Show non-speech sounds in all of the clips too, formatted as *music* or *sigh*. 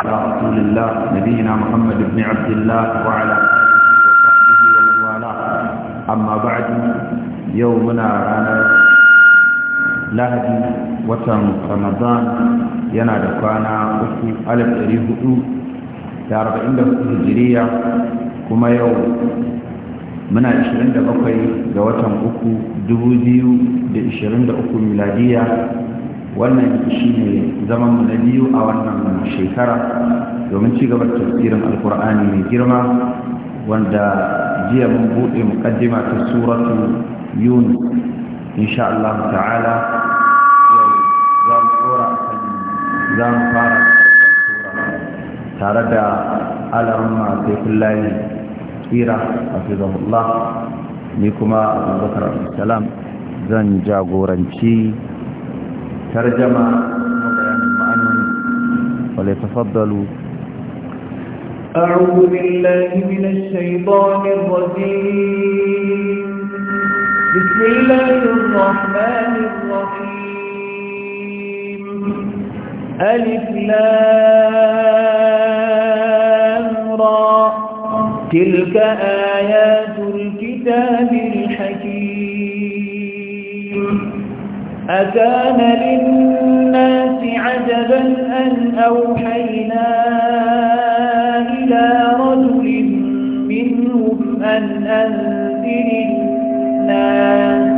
على رسول الله نبينا محمد بن عبد الله وعلى آله وصحبه ومن والاه أما بعد يومنا رانا lahadi watan ramadan yana da kwana uku alif ɗari hudu da arba'in da hudu hijiriya kuma yau muna ashirin da bakwai ga watan uku dubu biyu da da miladiya wannan shi ne zaman na biyu a wannan shekara domin ci gaba da tafsirin alkur'ani mai girma wanda jiya mun buɗe muƙaddima ta suratu yunus insha Allah ta'ala za mu tsora za mu fara tare da alamma sai kullaye tsira a fizahullah ni kuma abubakar salam zan jagoranci ترجمة وبيان وليتفضلوا أعوذ بالله من الشيطان الرجيم بسم الله الرحمن الرحيم ألف لام را تلك آيات الكتاب أكان للناس عجبا أن أوحينا إلى رجل منهم أن أنذر الناس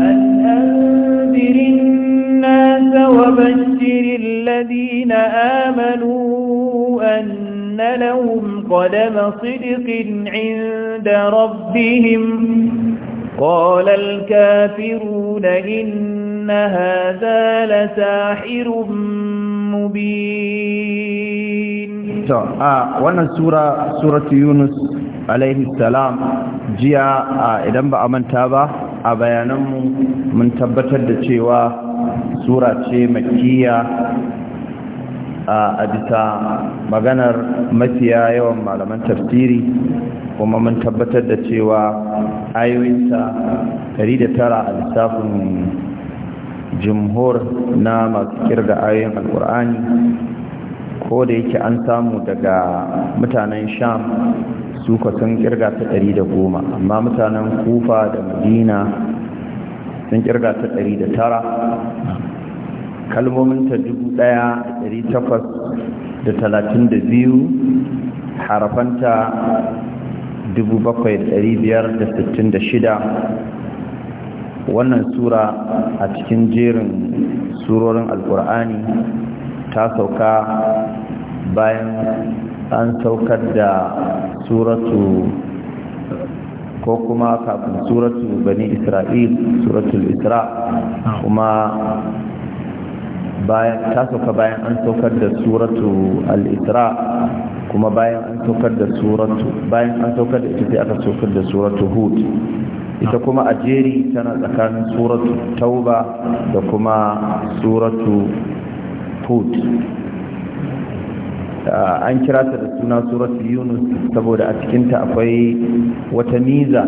أن أنذر الناس وبشر الذين آمنوا أن لهم قدم صدق عند ربهم قال الكافرون إن هذا لساحر مبين wannan sura suratu yunus alaihi salam jiya idan ba a manta ba a bayananmu mun tabbatar da cewa sura ce makkiya a bisa maganar mafiya yawan malaman tafsiri kuma mun tabbatar da cewa ayoyinsa tara a lissafin jimhur na masu kirga ayoyin alkur'ani ko da yake an samu daga mutanen sham ka sun kirga ta 110 amma mutanen kufa da madina sun kirga ta tara. kalmominta dubu ɗaya ɗari takwas da talatin da biyu harafanta dubu bakwai ɗari biyar da sittin da shida wannan sura a cikin jerin surorin alkur'ani ta sauka bayan an saukar da suratu ko kuma kafin suratu bani isra'il suratul isra kuma ta sauka bayan an saukar da suratu al'isra kuma bayan an saukar da suratu bayan an saukar da ita sai aka saukar da suratu hud ita kuma a jeri tana tsakanin suratu tauba da kuma suratu hud ah, an kira ta da suna suratu yunus saboda a cikinta akwai wata niza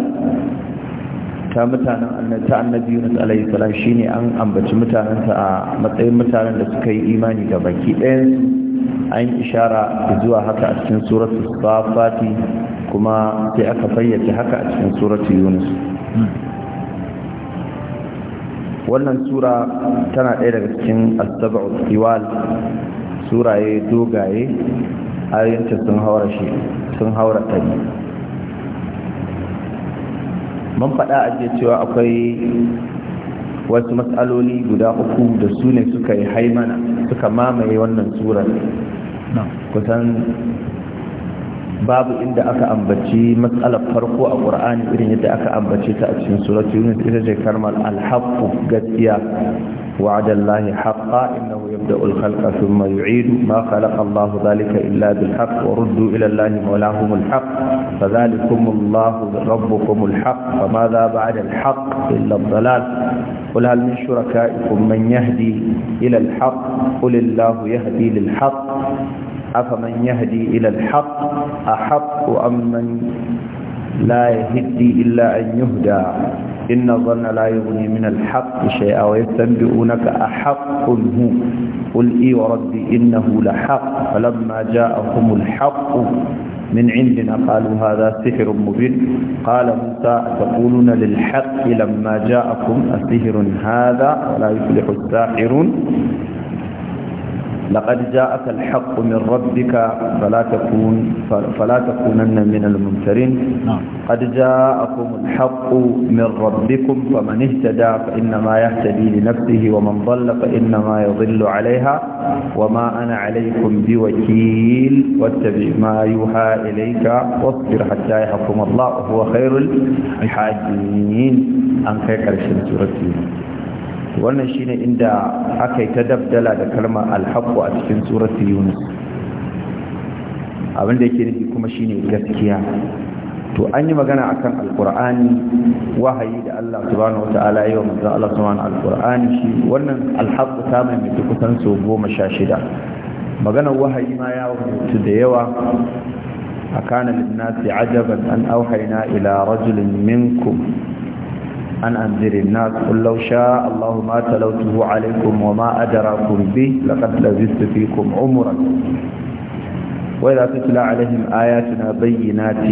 ta mutanen ta annabi Yunus alayhi salam shine an ambaci ta a matsayin mutanen da suka yi imani ga baki ɗayan an ishara zuwa haka a cikin suratul safati kuma sai aka fayyace haka a cikin suratul Yunus wannan sura tana ɗaya daga cikin as-sab'u suraye dogaye ayoyinta sun haura shi sun haura man faɗa a jiya cewa akwai wasu matsaloli guda uku da su ne suka yi haimana suka mamaye wannan surar kusan babu inda aka ambaci matsalar farko a ƙur'ani irin yadda aka ambace ta a cikin surat yunus ita ce karmar alhaqqu gaskiya وعد الله حقا إنه يبدأ الخلق ثم يعيد ما خلق الله ذلك إلا بالحق وردوا إلى الله مولاهم الحق فذلكم الله ربكم الحق فماذا بعد الحق إلا الضلال قل هل من شركائكم من يهدي إلى الحق قل الله يهدي للحق أفمن يهدي إلى الحق أحق أم من لا يهدي إلا أن يهدى إن الظن لا يغني من الحق شيئا ويستنبئونك أحق هو قل إي وربي إنه لحق فلما جاءهم الحق من عندنا قالوا هذا سحر مبين قال موسى تقولون للحق لما جاءكم أسحر هذا ولا يفلح الساحرون لقد جاءك الحق من ربك فلا تكون فلا تكونن من الممترين قد جاءكم الحق من ربكم فمن اهتدى فإنما يهتدي لنفسه ومن ضل فإنما يضل عليها وما أنا عليكم بوكيل واتبع ما يوحى إليك واصبر حتى يحكم الله وهو خير الحاكمين أن خير سورة wannan shine inda aka yi ta dabdala da kalmar alhaku a cikin suratu yunus abinda yake nufi kuma shine gaskiya to an yi magana akan alkur'ani wahayi da Allah subhanahu wata'ala yi wa manzo Allah subhanahu alkur'ani shi wannan alhaku ta mai mai kusan so goma sha shida maganar wahayi ma ya wuce da yawa a kanan linnasi ajaban an auhaina ila rajulin minkum أن أنذر الناس قل لو شاء الله ما تلوته عليكم وما أدراكم به لقد لبثت فيكم عمرا وإذا تتلى عليهم آياتنا بينات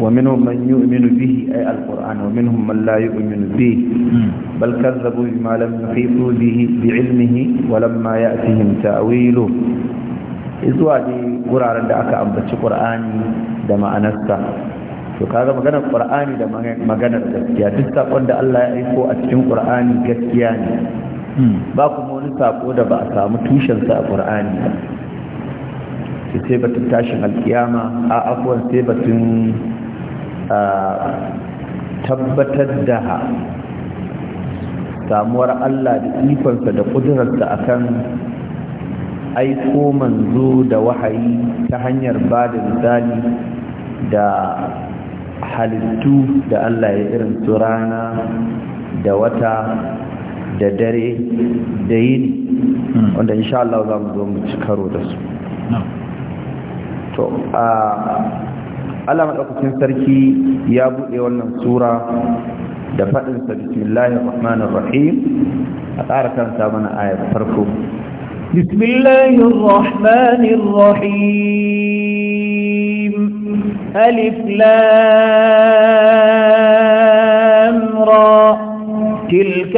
ومنهم من يؤمن به أي القرآن ومنهم من لا يؤمن به بل كذبوا بما لم يحيطوا به بعلمه ولما يأتهم تأويله إذ وادي قرآن دعك أنبت قرآني دمع نفسه to kaga maganar qur'ani da maganar gaskiya duk sakon da Allah ya aiko a cikin qur'ani gaskiya ne hmm. ba kuma wani sako da ba a samu tushensa a qur'ani ba sai batun tashin alkiyama a afuwar sai batun tabbatar da samuwar Allah da ikonsa da ƙudurarsa akan aiko manzo da wahayi ta hanyar ba da misali da halittu da Allah ya irin su rana da wata da dare da yini hmm. wanda insha Allah za mu zo mu ci karo da su to a Allah madaukakin sarki ya buɗe wannan sura da fadin sa bismillahir rahmanir rahim a tsara kansa mana ayar farko bismillahir rahmanir rahim ألف لام را تلك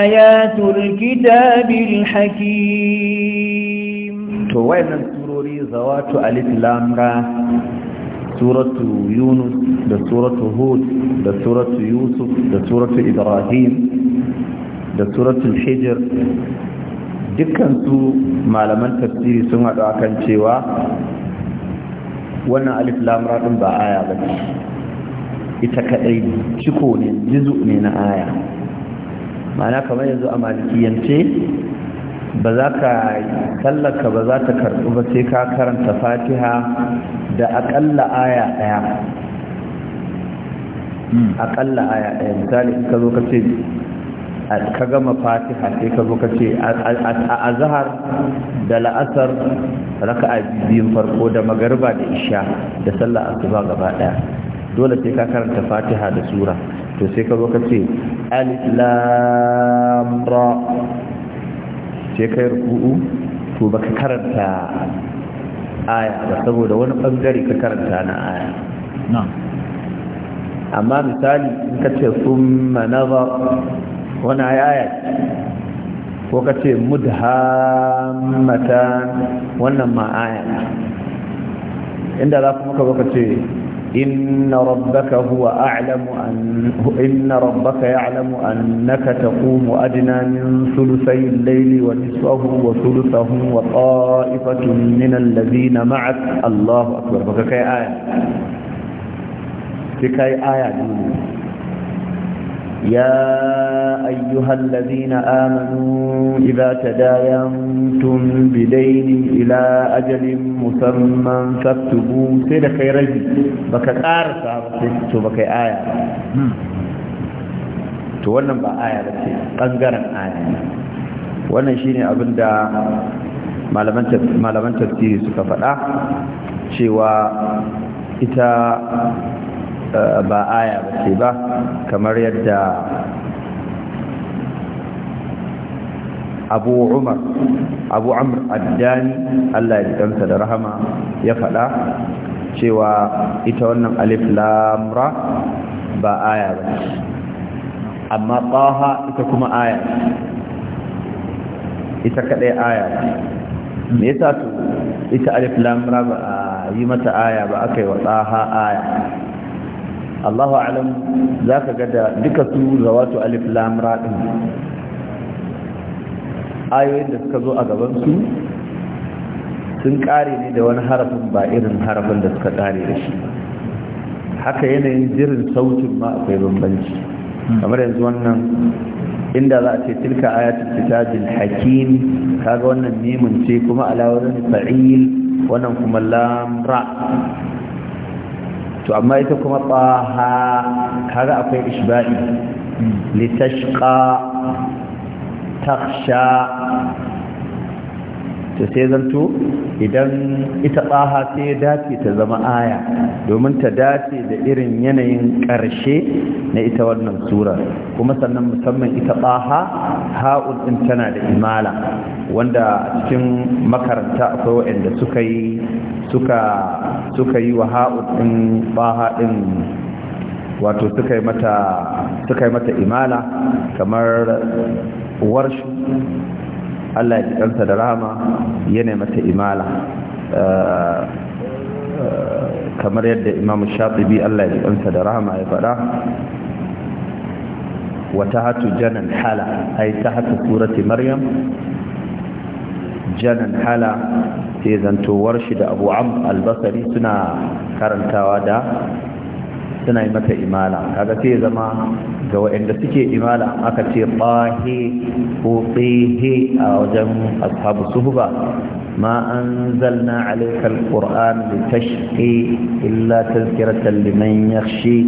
آيات الكتاب الحكيم توين السروري زوات ألف لام را سورة يونس ده سورة هود ده سورة يوسف ده سورة إبراهيم ده سورة الحجر dukkansu malaman tafsiri sun haɗu akan cewa wannan alif lamura ɗin ba aya ba ne. ita kadai ciko ne jizu ne na aya ma'ana kamar yanzu a malikiyance ba za ka tallaka ba za ta karɓi ba sai ka karanta fatiha da aƙalla aya ɗaya hmm. aƙalla aya ɗaya misali in ka zo ka ce ka gama fatiha sai ka zo ka ce a azhar da la'asar raka'a biyun farko da magariba da isha da sallah asuba gaba daya dole sai ka karanta fatiha da sura to sai ka zo ka ce alif lam ra sai kai ruku'u to baka karanta aya ba saboda wani bangare ka karanta na aya amma misali in ka ce summa nazar wani ayaya ko ka ce mudhammatan wannan ma'aya inda za ku muka zo ka ce inna rabbaka huwa an inna rabbaka ya'lamu annaka taqumu adna min thulusay layli wa nisfahu wa thuluthahu wa qa'ifatun min alladhina ma'ak Allahu akbar baka kai aya kai aya يا أيها الذين آمنوا إذا تداينتم بدين إلى أجل مسمى فاكتبوا سيد خير بك أرسى بك آية تولن بآية بك قنقرا آية wannan shine abin da malaman tafsiri suka faɗa cewa ita Eh, ba aya ba ce ba kamar yadda abu umar abu amr addani allah ya kansa da rahama ya faɗa cewa ita wannan alif lamra ba aya ba amma ha ita kuma aya ita kaɗai aya me yasa to ita alif lamra ba a yi mata aya ba aka yi wa taha aya Allahu alam za ka ga da duka su zawatu alif lamra ɗin ayoyin da suka zo a gabansu sun ƙare ne da wani harafin ba irin harafin da suka kare da shi haka yanayin jirin sautin ma akwai bambanci kamar yanzu wannan inda za a ce tilka aya ayatul kitabil hakim kaga wannan neman ce kuma alawazin fa'il wannan kuma lamra to amma ita kuma ɓaha, kaga akwai ishba'i litashqa taqsha to sai zanto idan ita tsaha sai dace ta zama aya domin ta dace da irin yanayin ƙarshe na ita wannan sura kuma sannan musamman ita tsaha ha'ul ɗin tana da imala wanda cikin makaranta akwai waɗanda suka yi suka suka yi wa ha'udin baha ɗin wato suka yi mata imala kamar warshu Allah ya ɗansa da rahama yana mata imala kamar eh, eh, yadda imam shafi Allah ya ɗansa da rahama ya faɗa wata hatu janan hala ai ta hatu surati maryam janan hala sai zantowar shi da abu am albasari suna karantawa da suna yi mata imala kaga sai zama ga waɗanda suke imala aka ce ɓahe ko ɓehe a wajen ashabu suhuba ma an zalna alaikar ƙur'an da tashƙe illa tazkiratar liman ya shi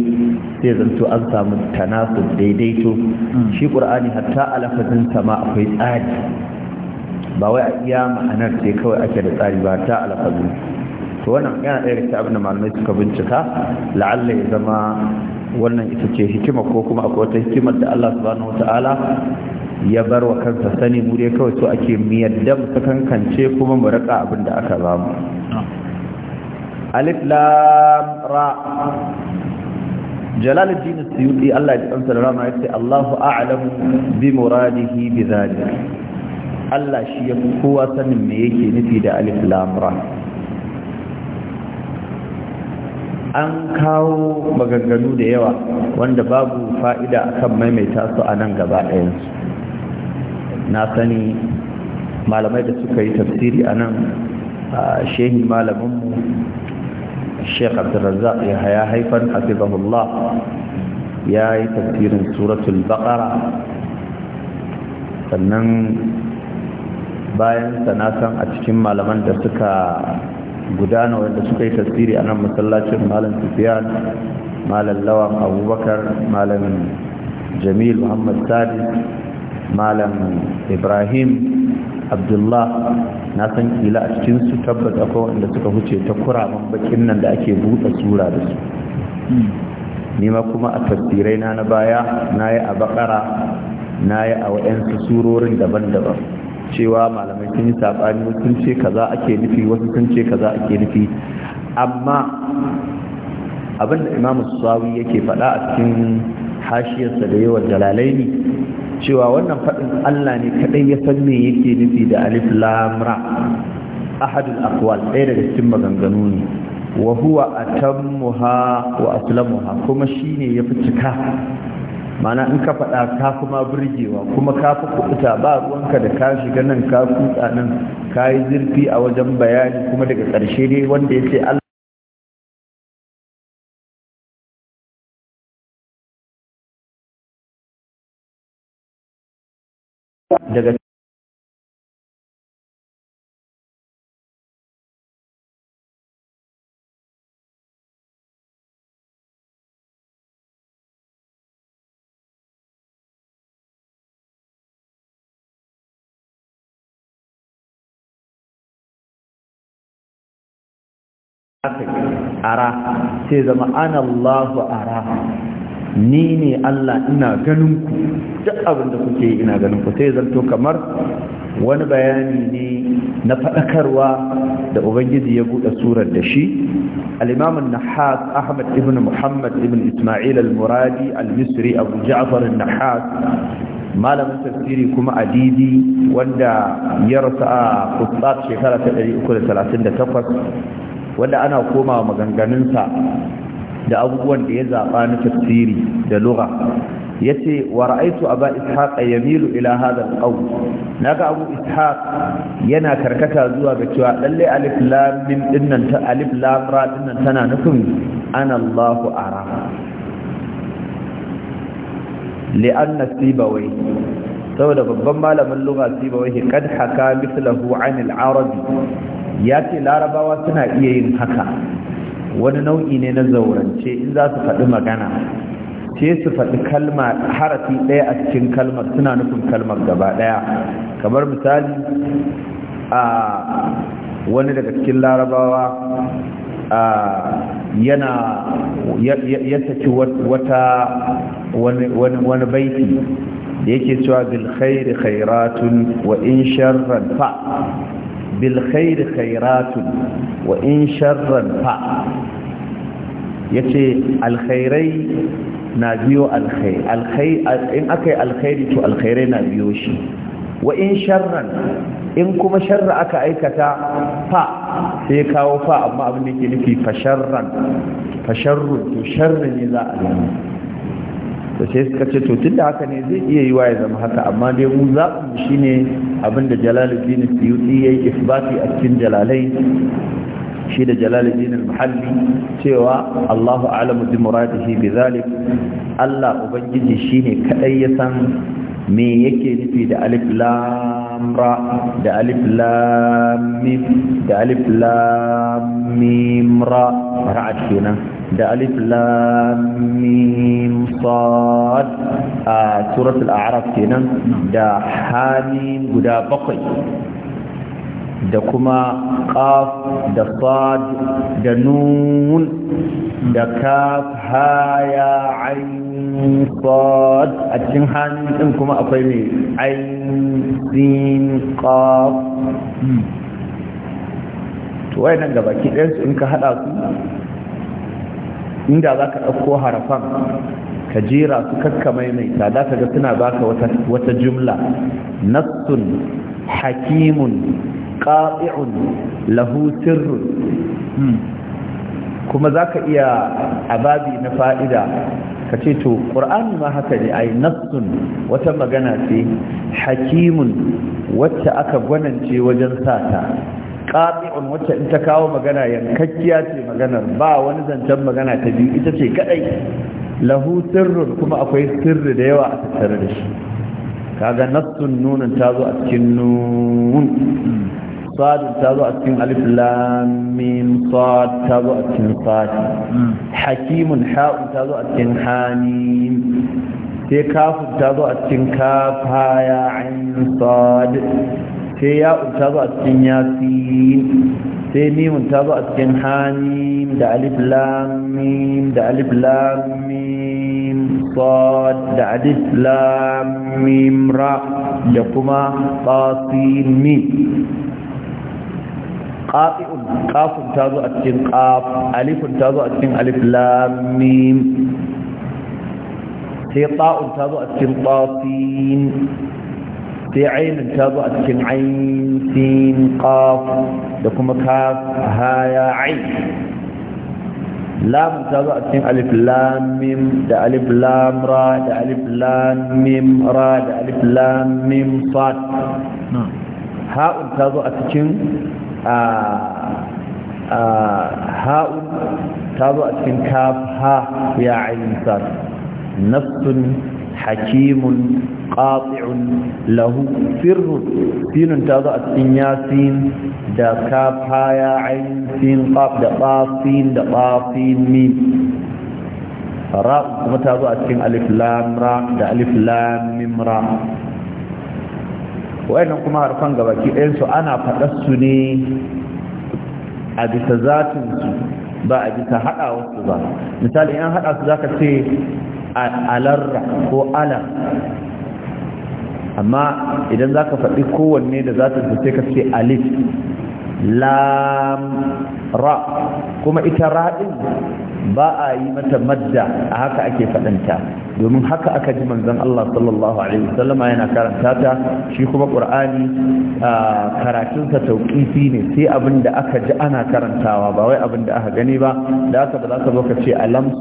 sai zanto an samu tanasu daidaito hmm. shi ƙur'ani hatta a lafazin ma akwai tsari ba wai a iya ma'anar ce kawai ake da tsari ba ta alfazu to wannan yana ɗaya daga abin da malamai suka bincika la'alla ya zama wannan ita ce hikima ko kuma akwai wata hikimar da Allah subhanahu wata'ala ya bar wa kansa sani mu dai kawai so ake mu yadda kankance kuma mu abinda abin da aka ba mu alif lam ra jalaluddin suyuti Allah ya tsantsara rama yace Allahu a'lamu bi muradihi bi zalika Allah shi ya fi kowa sanin me yake nufi da alif lamura. an kawo maganganu da yawa wanda babu fa'ida akan maimaita su a nan gaba ɗayansu na sani malamai da suka yi tafsiri a nan shehin malaminmu sheikh abdulrazzaq ya haya haifar hafizahullah ya yi tafsirin suratul baqara sannan bayan san a cikin malaman da suka gudana wanda suka yi tasiri a nan masallacin malam sufiyan malam lawan abubakar malam jamil muhammad sadis malam ibrahim abdullah na san kila a su tabbas akwai wanda suka huce ta kuraman bakin nan da ake buɗe sura da su nima kuma a tasirai na na baya na yi a bakara na yi a wa'yansu surorin daban-daban cewa malamai sun yi saɓani wasu sun ce kaza ake nufi wasu sun ce kaza ake nufi amma abin da imamu sawi yake faɗa a cikin hashiyarsa da yawan dalalai ne cewa wannan faɗin allah ne kaɗai ya san me yake nufi da alif lamra ahadul akwal ɗaya daga cikin maganganu ne wa huwa atammuha wa aslamuha kuma shine ya fi cika mana in ka faɗa ka kuma burgewa kuma ka fi kuɗuta ba ruwanka da ka shiga nan ka kutsa nan ka yi zurfi a wajen bayani kuma daga ƙarshe dai wanda ya ce allah. aka ara sai zama ara ni ne Allah ina ganin ku duk abinda kuke yi ina ganin ku sai zanto kamar wani bayani ne na faɗakarwa da ubangiji ya buɗe surar da shi al-imam an-nahas ahmad ibn muhammad ibn isma'il al-muradi al-misri abu ja'far an-nahas malamin tafsiri kuma adidi wanda ya rasa a kutsat shekara ta 338 wanda ana koma maganganunsa da abubuwan da ya zaɓa na tafsiri da lura ya ce wa ra'aitu aba ishaq yamilu ila hadha al-qawl naga abu ishaq yana karkata zuwa ga cewa alif lam dinnan ta alif lam dinnan tana nufin ana Allahu ara li'anna sibawai saboda babban malamin lugha sibawai kad haka mislahu 'an al-arabi ya ce larabawa suna iya yin haka wani nau'i ne na zaurance in za su faɗi magana ce su faɗi kalma harafi ɗaya a cikin kalmar suna nufin kalmar gaba ɗaya kamar misali a wani daga cikin larabawa yana ya saki wata wani baiti da yake cewa bil khairi khairatun wa in sharran fa bilkhairi khairatun wa in sharran fa yace alkhairai na biyo alkhair alkhair in akai alkhairi to alkhairai na biyo shi wa in sharran in kuma sharra aka aikata fa sai kawo fa amma abin da yake nufi fa sharran fa sharrun to sharri ne za a yi to sai suka ce to tun da haka ne zai iya yi wa ya zama haka amma dai mu zaɓin shi ne abinda jalaluddin suyuti ya yi isbati a cikin jalalai shi da jalaluddin muhalli cewa Allahu a'lamu bi muradihi bi zalik Allah ubangiji shine kadai ya san me yake nufi da alif lam لام را دا ألف لام ميم دا ألف لام ميم را رعد هنا دا ألف لام ميم صاد آه سورة الأعراف هنا دا حاميم قدا بقي da kuma ƙaf, da sad da nun da kaf haya, ya ain a cikin hannun din kuma akwai mai ain sin qaf to wai nan gaba, ki su in ka haɗa su inda za ka ɗauko harafan ka jera su kakka maimaita za ka ga suna baka wata jumla nassun hakimun qati'un lahu sirrun hmm. kuma zaka iya ababi na fa'ida ka ce to ƙur'ani ma haka ne ai nassun wata magana ce hakimun wacce aka gwanance wajen sata ƙafi'un wacce in ta kawo magana yankakkiya ce maganar ba wani zancen magana ta biyu ita ce kaɗai lahu sirrun kuma akwai sirri da yawa a tattare da shi kaga nassun nunan ta zo a cikin nun hmm. sadun ta zo a cikin alif lam sad ta zo a cikin sad hmm. hakimun ha'u ta zo a cikin hanim sai kafin ta zo a cikin kafa ya sad sai ya'u ta zo a cikin yasin sai mimun ta zo a cikin hanim da alif lam da alif lam sad da alif lam ra da kuma tasin qati'un qafun ta zo a cikin qaf alifun ta zo a cikin alif lam mim sai ta'un ta zo a cikin ta'in sai ainun ta zo a cikin ain sin qaf da kuma kaf ha ya ain lamun ta zo a cikin alif lam mim da alif lam ra da alif lam mim ra da alif lam mim sad ha'un ta zo a cikin ha'un ta zo a cikin kaf ha ya ainihin sa nafsun hakimun qati'un lahu sirru sinun ta zo a cikin yasin da kaf ha ya ainihin sin qaf da qafin da qafin ni ra kuma ta zo a cikin alif lam ra da alif lam mim ra wayannan kuma harfan gabaki ɗayansu ana faɗar su ne a bisa zatinsu ba a bisa haɗa wasu ba misali yan haɗa su zaka ce alarra ko ala amma idan zaka faɗi kowanne da zatinsu sai ka ce alif lam ra kuma ita raɗin ba a yi mata madda a haka ake faɗanta domin haka aka ji manzon Allah sallallahu alaihi wasallama yana karanta ta shi kuma Qur'ani karatun sa tauqifi ne sai abin da aka ji ana karantawa ba wai abin da aka gani ba da haka ba za ka zo ka ce alam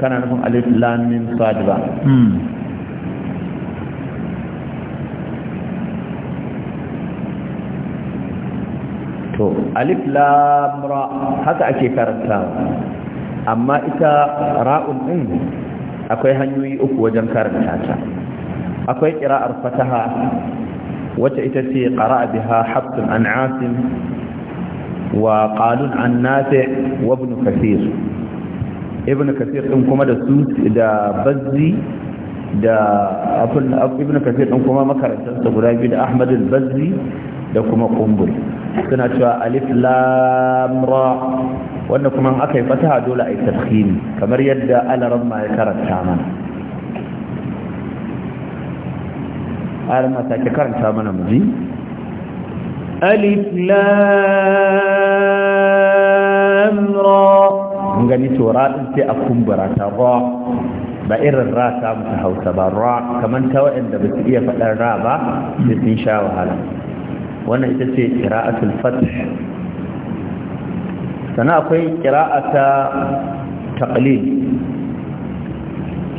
kana nufin alif lam mim sad ba hmm. to alif lam ra haka ake karantawa amma ita ra'un din akwai hanyoyi uku wajen karanta ta akwai qira'ar fataha wacce ita ce qara'a biha hafs an asim wa qalun an nafi' wa ibn kathir ibn kathir din kuma da su da bazzi da ibn kathir din kuma makarantar sa guda biyu da ahmad al-bazzi da kuma qumbul suna cewa alif lam ra wannan kuma aka yi fataha dole a yi tafhimi kamar yadda alaran ma ya karanta mana alaran ma take karanta mana muji alif lam ra mun gani to ra din sai a kumbura ta ra ba irin ra ta musu hausa ba ra kamar ta waɗanda ba su iya faɗar ra ba sai sun sha wahala wannan ita ce qira'atul fath sana akwai qira'ata taqlid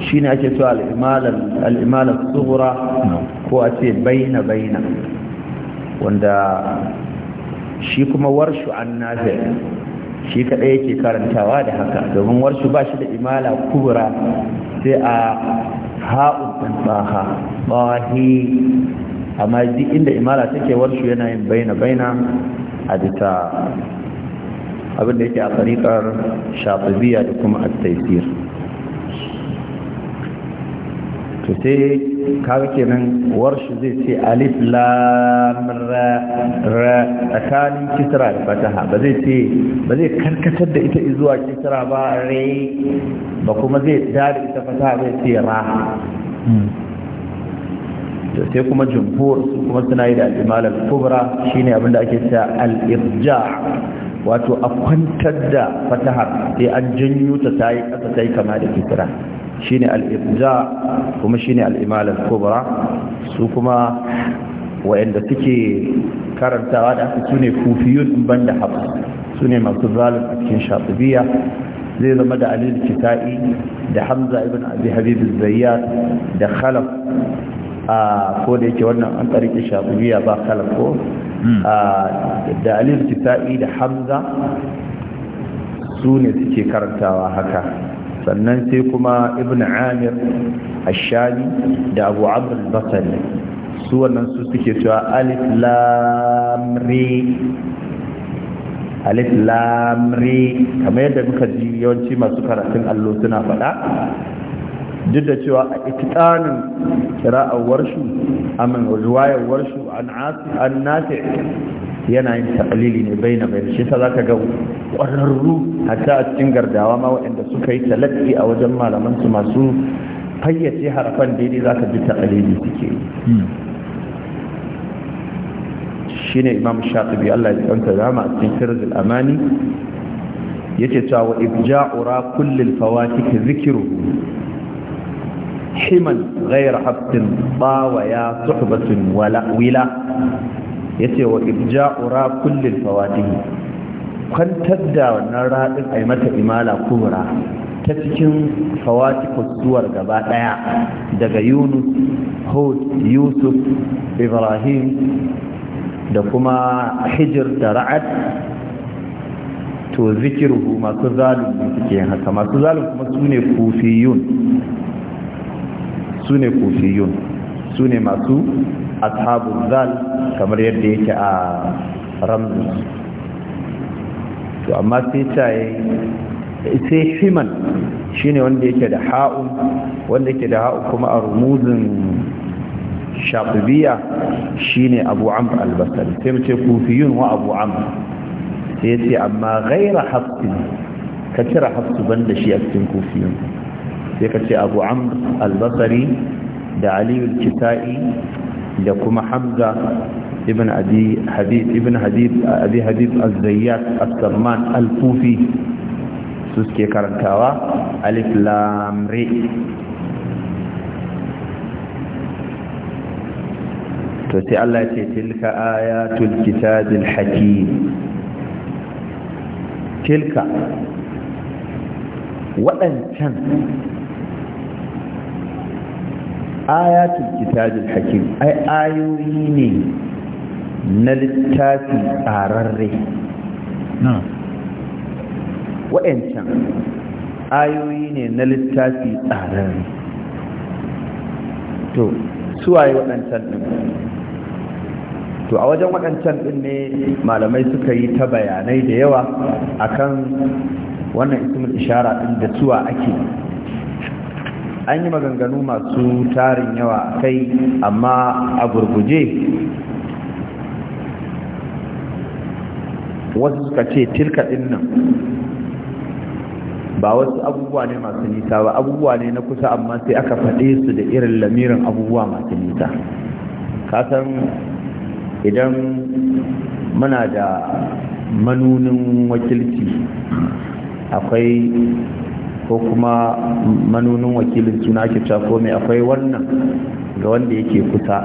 shine ake cewa al-imala al-imala sughra ko baina baina wanda shi kuma warshu an nafi shi kaɗai yake karantawa da haka domin warshu ba shi da imala kubra sai a ha'un ɗan ɓaha amma duk inda imara take warshu yana yin baina baina a bisa abinda yake a tsarikar shafabiya da kuma a taifir to sai kaga kenan warshu zai ce alif lamra tsakanin kisra da fataha ba zai ce ba zai karkatar da ita zuwa kisra ba re ba kuma zai da ita fataha zai ce ra hmm. to sai kuma jumhur kuma suna yi da al'imal kubra shine abin da ake sa al wato a kwantar da fatahar sai an janyo ta tayi kasa tayi kama da fitira shine al kuma shine al-imal kubra su kuma wayanda suke karantawa da aka ne kufiyun in banda su ne masu zalim a cikin shatibiya zai zama da alil kitai da hamza ibn abi habib zayyad da khalaf a ko da yake wannan an tsarki shafiya ba kalako hmm. da alif kitabi da hamza su ne suke karantawa haka sannan sai kuma ibn amir ashami da abu amr basari su wannan su suke cewa alif lamri alif lamri kamar yadda muka ji yawanci masu karatun allo suna faɗa duk da cewa a ikitanin kira'ar warshu amin riwayar warshu an nafi yana yin ta'alili ne bai na bai shi ta za ka ga ƙwararru hatta a cikin gardawa ma waɗanda suka yi talabi a wajen malamansu masu fayyace harafan daidai za ka ji ta'alili suke yi hmm. shi ne imam shafi Allah ya tsanta zama a cikin sirrin amani ce cewa wa ibja'ura kullil fawatiki zikiru himan ghayra haftin bawaya suhbatun wala wila yace wa ibja'u ra kullil fawadihi kwantar da wannan radin ai mata imala kubra ta cikin fawatikus suwar gaba daya daga yunus hud yusuf ibrahim da kuma hijir da ra'ad to zikiruhu masu zalimi suke haka masu zalim kuma su ne kufiyun su ne kufiyun su ne masu ashabun zal kamar yadda yake a ramzi to amma sai caye sai himan shine wanda yake da ha'u, wanda yake da ha'u kuma a rumuzin shafibiya shine abu amr albasari sai mu kufiyun wa abu amr sai ce amma gaira hafsin ka cire hafsu banda shi a cikin kufiyun sai ka abu amr albasari da aliyul kisa'i da kuma hamza ibn abi habib ibn habib abi habib az-zayyat as-samman al-kufi su suke karantawa alif lam ri to sai Allah ya ce tilka ayatul kitabil hakim tilka waɗancan ayatul kitabil hakim ai ayoyi ne na littafi tsararre wa'ancan ayoyi ne na littafi tsararre to suwaye waɗancan ɗin to a wajen waɗancan ɗin ne malamai suka yi ta bayanai da yawa akan wannan ismul isharar ɗin da suwa ake an yi maganganu masu tarin yawa kai amma a gurguje wasu suka ce tilka nan ba wasu abubuwa ne masu nisa ba abubuwa ne na kusa amma sai aka faɗe su da irin lamirin abubuwa masu nisa kasan idan muna da manunin wakilci akwai ko kuma manunin wakilin suna ake tafo mai akwai wannan ga wanda yake kusa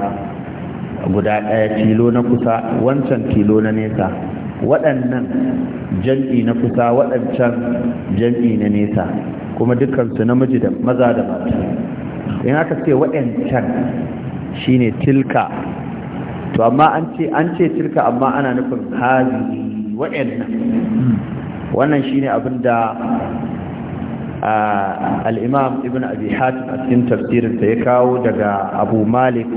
guda ɗaya tilo na kusa wancan tilo na nesa waɗannan jam'i na kusa waɗancan jam'i na nesa kuma dukansu namiji da maza da mata in aka ce waɗancan shine tilka to amma an ce an ce tilka amma ana nufin hazi waɗannan wannan shine abin da al'imam ibn abi hatim a cikin tafsirinsa ya kawo daga abu malik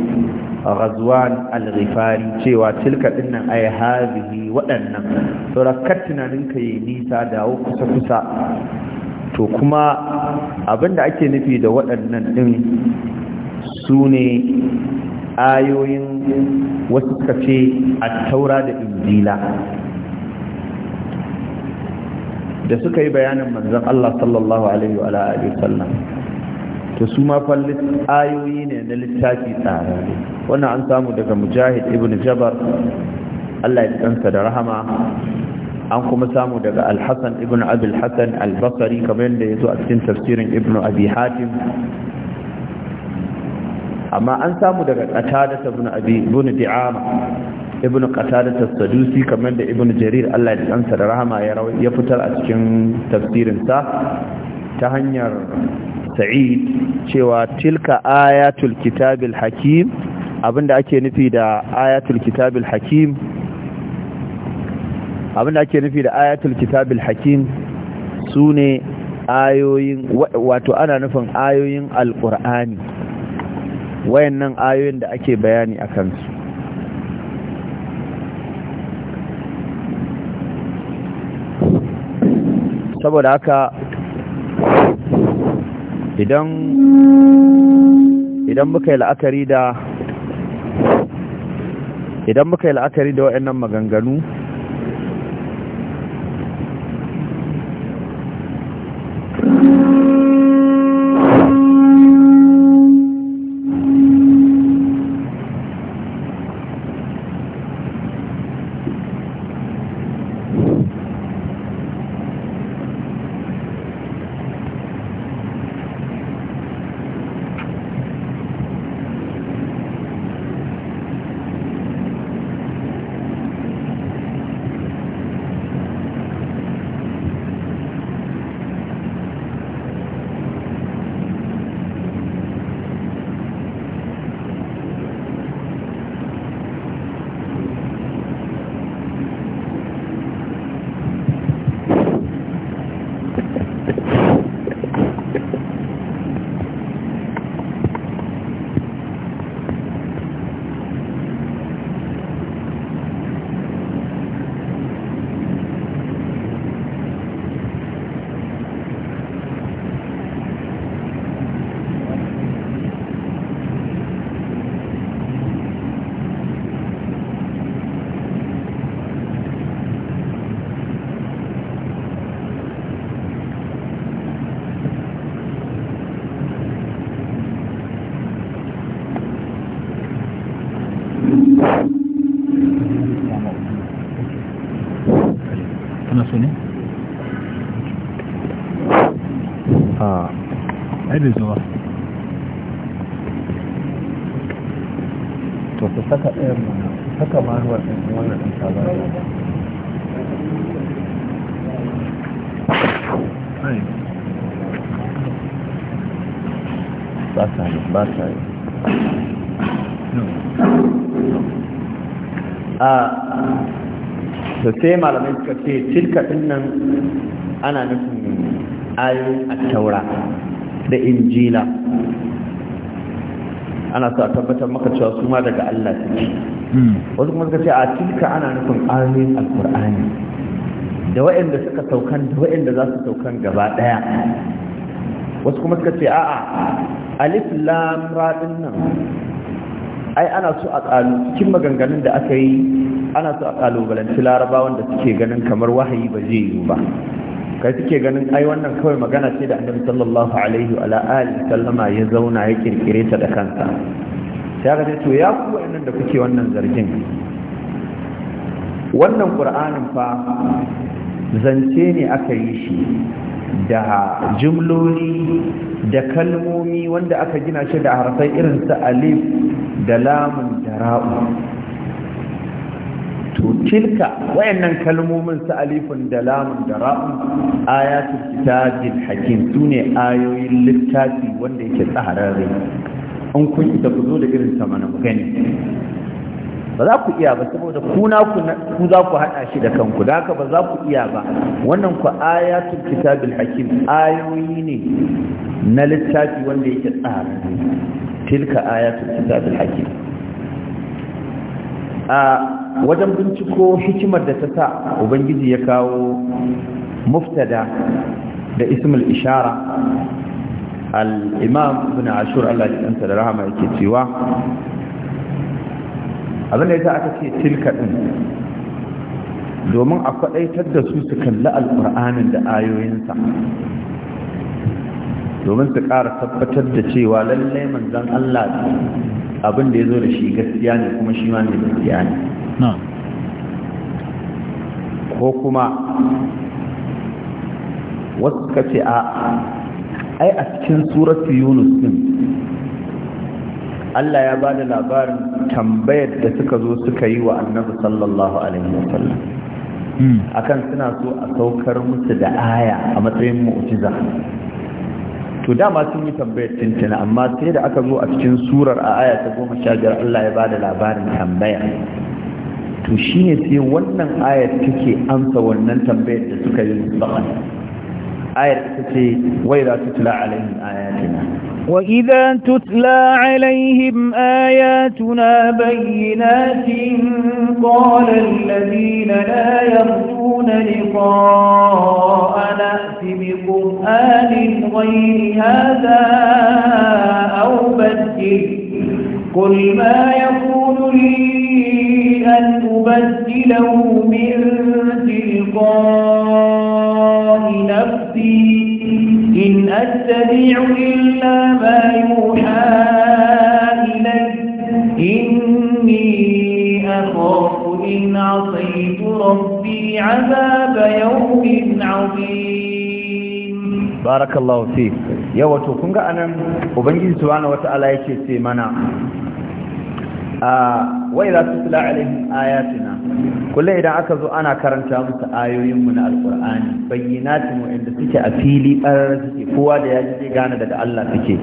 ghazwan al-ghifari cewa tilka dinnan ay hazihi waɗannan saboda tunanin ka yi nisa dawo kusa kusa to kuma abinda ake nufi da waɗannan ɗin su ne ayoyin wasu kace a taura da injila da suka yi bayanin manzon Allah sallallahu alaihi wa alihi sallam to su ma ayoyi ne na littafi tsararre wannan an samu daga mujahid ibn jabar Allah ya kansa da rahama an kuma samu daga Alhassan ibn Abil hasan al-basri kamar yadda yazo a cikin tafsirin ibn abi hatim amma an samu daga qatada ibn abi ibn di'ama ibn qatada as-sadusi kamar da ibn jarir Allah ya tsansa da rahama ya ya fitar a cikin tafsirin sa ta hanyar sa'id cewa tilka ayatul kitabil hakim abinda ake nufi da ayatul kitabil hakim abinda ake nufi da ayatul kitabil hakim sune ayoyin wato ana nufin ayoyin alqur'ani wayannan ayoyin da ake bayani akan su saboda haka idan idan muka yi la'akari da idan muka yi la'akari da waɗannan maganganu sai malamai suka ce tilka nan ana nufin ayoyin attaura da injila ana sa tabbatar maka cewa su ma daga Allah suke hmm. wasu kuma suka ce a tilka ana nufin ayoyin alkur'ani da waɗanda suka saukan da waɗanda za su saukan gaba ɗaya wasu kuma suka ce a'a alif lam ra nan ai ana so a tsalu cikin maganganun da aka yi ana so a kalubalanci larabawan da suke ganin kamar wahayi ba zai yi ba kai suke ganin ai wannan kawai magana ce da annabi sallallahu alaihi wa alihi sallama ya zauna ya kirkire ta da kansa sai ga to ya ku wannan da kuke wannan zargin wannan qur'anin fa zance ne aka yi shi da jumloli da kalmomi wanda aka gina shi da harfai irin su alif da lamun da ra'u to tilka wayannan kalmomin su alifun da lamun da ra'un ayatul kitabil hakim sune ayoyin littafi wanda yake tsahararre an kun ita ku zo da irin sa mana gani ba za ku iya ba saboda kuna ku za ku haɗa shi da kanku da haka ba za ku iya ba wannan ku ayatul kitabil hakim ayoyi ne na littafi wanda yake tsara tilka ayatul kitabil hakim a wajen binciko hikimar da ta sa ubangiji ya kawo muftada da ismul ishara al-imam ibn ashur Allah ya tsanta da rahama yake cewa abin da yasa aka ce tilka din domin a kwadaitar da su su kalli alqur'anin da ayoyinsa domin su ƙara tabbatar da cewa lallai manzon Allah abin da ya zo da shi gaskiya ne kuma shi ma ne gaskiya ne ko kuma wasu suka ce a ai a cikin suratu yunus din Allah ya bada da labarin tambayar da suka zo suka yi wa annabi sallallahu alaihi wasallam hmm. akan suna so a saukar musu da aya a matsayin mu'jiza to dama sun yi tambayar tintina amma sai da aka zo a cikin surar a aya ta goma sha biyar Allah ya bada labarin tambayar to shi ne sai wannan ayar take amsa wannan tambayar da suka yi musamman ayar ta ce wai za su tula alaihim ayatina وإذا تتلى عليهم آياتنا بينات قال الذين لا يرجون لقاء نأتي بقرآن غير هذا أو بدل قل ما يكون لي أن أبدله من تلقاء نفسي In أتبيع إلا ما يوحى إليه إني أخاف إن عصيت ربي عذاب يوم عظيم barakallahu fi yawa to kunga anan ubangiji subhanahu wata'ala yake ce mana a wai za su tula alaihim ayatina kullum idan aka zo ana karanta musu ayoyinmu na alkur'ani bayyinatin wa'anda suke a fili ɓarar suke kowa da ya zai gane daga Allah suke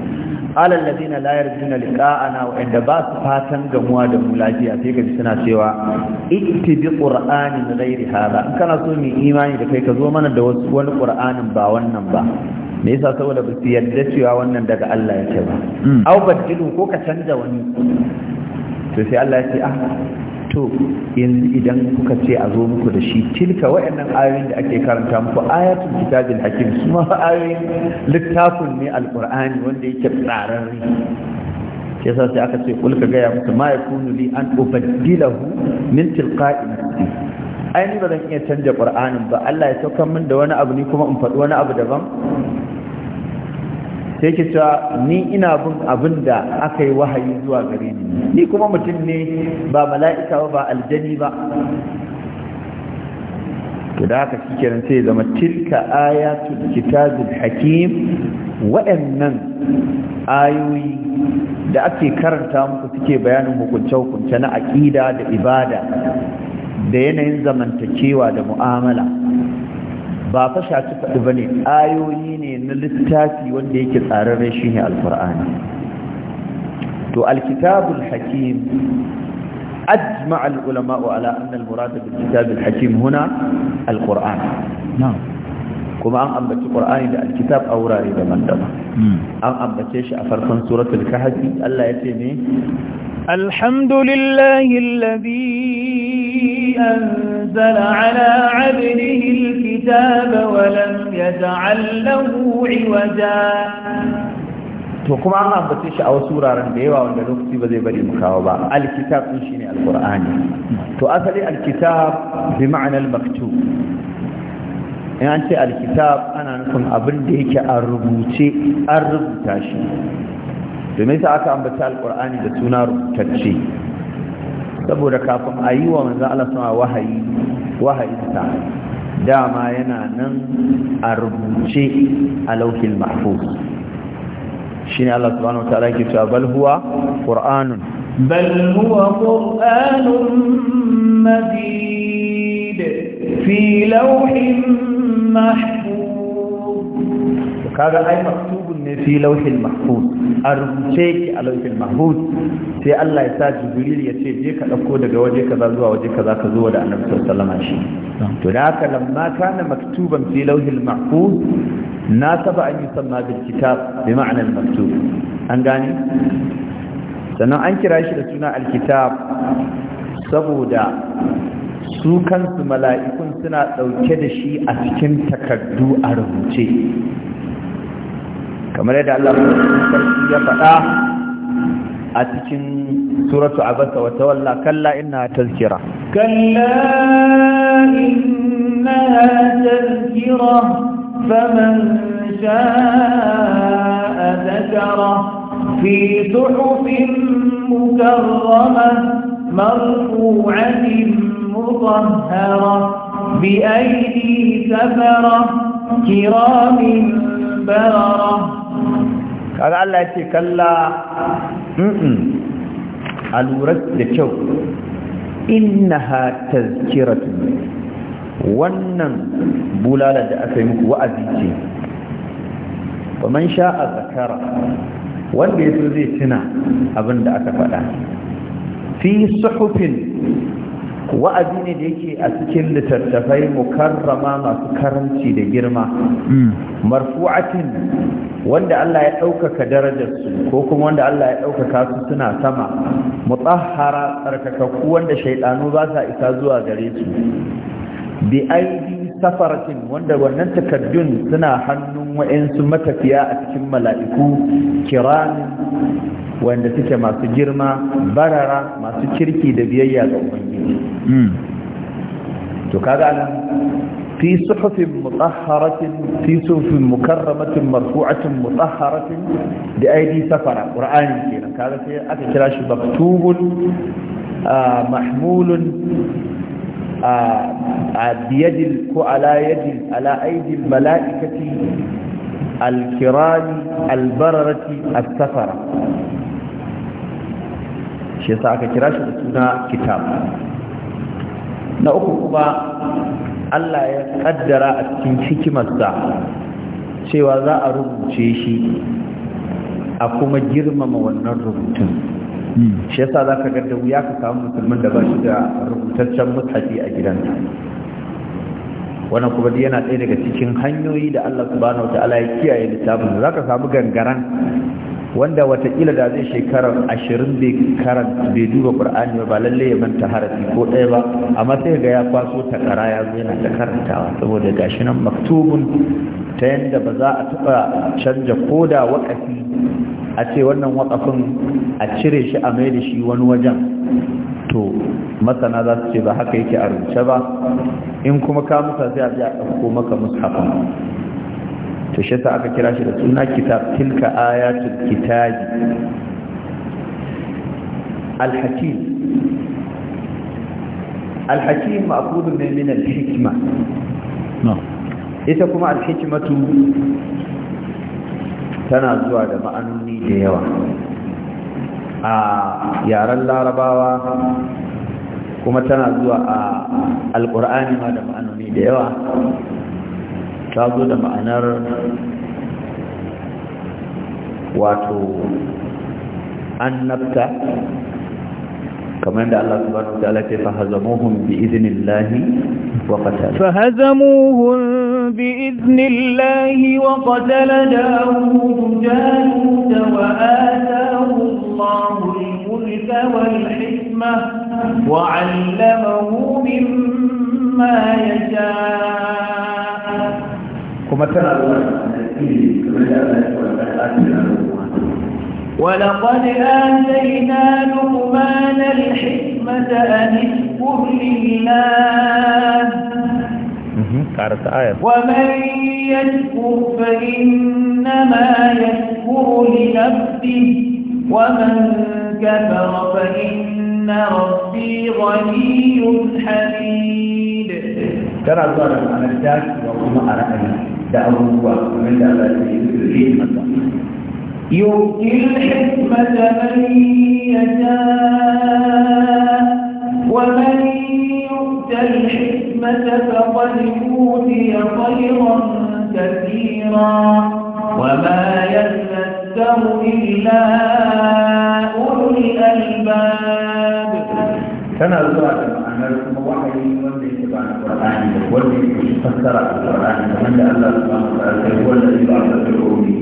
alal ladina la yarjuna liqa'ana wa'anda ba su fatan gamuwa da mu lafiya sai gaji suna cewa itti bi qur'anin ghairi hada in kana so mu imani da kai ka zo mana da wasu wani qur'anin ba wannan ba me yasa saboda ba su yarda cewa wannan daga Allah yake ba au badilu ko ka canza wani Sai sai Allah ya ce ah to yanzu idan kuka ce a zo muku da shi tilka wayannan ayoyin da ake karanta muku ayatul kitabil hakim su ma ayoyin littafin ne alqur'ani wanda yake tsararre yasa sai aka ce kulka gaya musu ma yakunu li an ubaddilahu min tilqa'i nafsi ai ni ba zan iya canja qur'anin ba Allah ya saukar min da wani abu ni kuma in faɗi wani abu daban sai ki cewa ni ina bin abin da aka yi wahayi zuwa gare ni ni kuma mutum ne ba mala'ika ba ba aljani ba to da haka nan sai zama tilka ayatul kitabil hakim waɗannan ayoyi da ake karanta muku suke bayanin hukunce hukunce na aqida da ibada da yanayin zamantakewa da mu'amala ba fa shafi faɗi ba ne ayoyi ne na littafi wanda yake tsarar shi ne alfur'ani to alkitabul hakim ajma al'ulama wa ala annal murada bil hakim huna alqur'an kuma an ambaci qur'ani da alkitab a wurare daban-daban hmm. an ambace shi a farkon suratul kahfi Allah ya ce ne alhamdulillahi alladhi أنزل على عبده الكتاب ولم يجعل له عوجا to kuma an ambace shi a wasu wuraren da yawa wanda lokaci ba zai bari mu kawo ba alkitab din shine alqur'ani to asali alkitab bi ma'ana almaktub in an ce alkitab ana nufin abin da yake an rubuce an rubuta shi domin sa aka ambace alqur'ani da suna rubutacce saboda kafin a yi wa manzan Allah suna wahayi ta, dama yana nan a rubuce a laukin mafi shi ne Allah Suna wata ala ke cewa bal huwa qur'anun bal huwa qur'anun mazid fi laukin mafi kaga ai maktubun ne fi lauhin mahfuz a rubuce ki a lauhin mahfuz sai Allah ya sa jibril ya ce je ka dauko daga waje kaza zuwa waje kaza ka zo da annabi sallallahu alaihi shi to da haka lamma kana maktuban fi lauhin mahfuz saba an yi yusamma bil kitab bi ma'na al maktub an gane sannan an kira shi da suna alkitab saboda su kansu mala'ikun suna ɗauke da shi a cikin takardu a rubuce kamar yadda Allah ya faɗa a cikin suratu abasa wa tawalla kalla inna tazkira kalla inna tazkira faman sha'a dhakara في صحف مكرمة مرفوعة مطهرة بأيدي سفرة كرام بررة kaga Allah ya ce kalla a lura da kyau innaha tazkiratu wannan bulala da aka yi muku wa'azi ce wa man sha'a zakara wanda ya so zai tuna abin da aka faɗa fi suhufin wa'azi ne da yake a cikin littattafai mukarrama masu karanci da girma mm. marfu'atin wanda Allah ya ɗaukaka darajarsu ko kuma wanda Allah ya ɗaukaka su suna sama tsahara tsarkakakku wanda shaiɗanu ba sa isa zuwa gare su bi aidi safaratin wanda wannan takardun suna hannun wa'insu matafiya a cikin mala'iku kiramin wanda suke masu girma barara masu kirki da biyayya ga ubangiji hmm. to kaga nan fi suhufin mutahharatin fi suhufin mukarramatin marfu'atin mutahharatin da aidi safara qur'ani kenan kaga sai aka kira shi maktubun ah, mahmulun a biyadil ko ala yadil ala aidil mala'ikati alkirani albararati as shi yasa aka kira shi da suna kitab na uku kuma Allah ya kaddara a cikin hikimarsa cewa za a rubuce shi a kuma girmama wannan rubutun shi yasa za ka da wuya ka samu musulman da ba shi da rubutaccen mutafi a gidan wannan kuma yana ɗaya daga cikin hanyoyi da Allah subhanahu wata'ala ya kiyaye littafin za ka samu gangaran wanda watakila da zai shekarar ashirin bai karanta bai duba ƙur'ani ba lalle ya manta harafi ko ɗaya ba amma sai ga ya kwaso takara ya zo yana ta karantawa saboda gashi nan maktubun ta yadda ba za a taɓa canja koda waƙafi a ce wannan waƙafin a cire shi a mai da shi wani wajen to masana za su ce ba haka yake a rubuce ba in kuma ka musa sai a ji a ɗauko maka mushafin to shi sa aka kira shi da suna kitab tilka ayatul kitabi al-hakim al-hakim ma'qudun min al-hikma ita kuma alhikimatu tana zuwa da ma'anoni da yawa a yaren larabawa kuma tana zuwa a alkur'ani ma da ma'anoni da yawa ta zo da ma'anar wato annabta كما عند الله سبحانه وتعالى فهزموهم بإذن الله وقتل فهزموهم بإذن الله وقتل داود جالوت وآتاه الله الملك والحكمة وعلمه مما يشاء كما ترى الله ولقد آتينا لقمان الحكمة أن اذكر لله ومن يذكر فإنما يذكر لنفسه ومن كفر فإن ربي غني حميد ترى الظلم على الذات وما أرأني دعوه ومن لا بأس يؤتي الحكمة من يشاء ومن يؤت الحكمة فقد أوتي خيرا كثيرا وما يتذكر إلا أولي الألباب كان الزرع أعمالكم وحي والذي تبع القرآن والذي فسر القرآن من الله سبحانه وتعالى هو الذي بعث في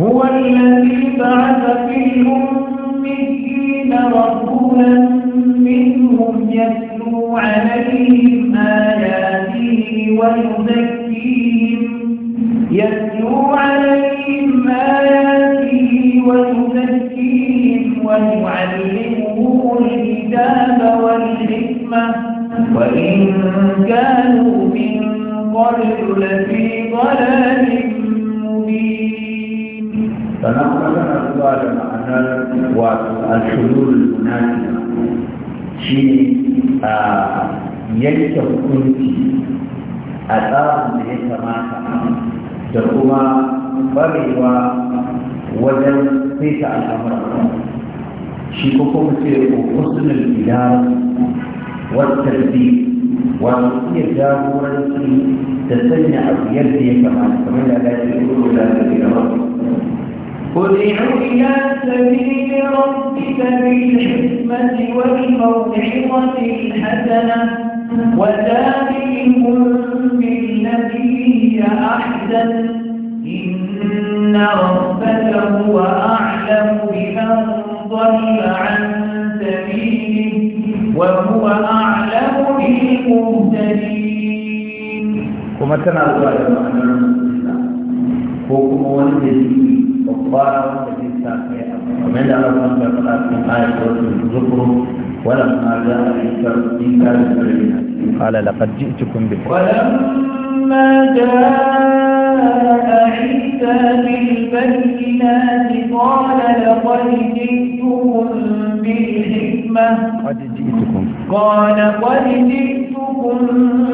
هو الذي بعث في الأميين رسولا منهم يتلو عليهم آياته ويزكيهم يتلو عليهم آياته ويزكيهم ويعلمهم الكتاب والحكمة وإن كانوا من قبل لفي ضلال مبين sannan kuma tana zuwa da ma'anar wato al-shulul shi shine a yanke hukunci a tsarin da ya kamata da kuma barewa wajen saita al'amuran shi ko kuma ce husnul idara wata biyu wato iya jagoranci da sanya abu yadda ya kamata kamar da ake yi da da قل ادعوا إلى سبيل ربك بالحكمة والموعظة الحسنة وجادلهم بالتي هي أحسن إن ربك هو أعلم بمن عن سبيله وهو أعلم بالمهتدين. ومتنا الله يا محمد ko kuma wani kwara wanda ke sa kai kamar da Allah ya faɗa cikin ayat ko zukuru wala ma za a yi karbi da rabina qala laqad ji'tukum جاء قال لقد جئتكم بالحكمة قال قد جئتكم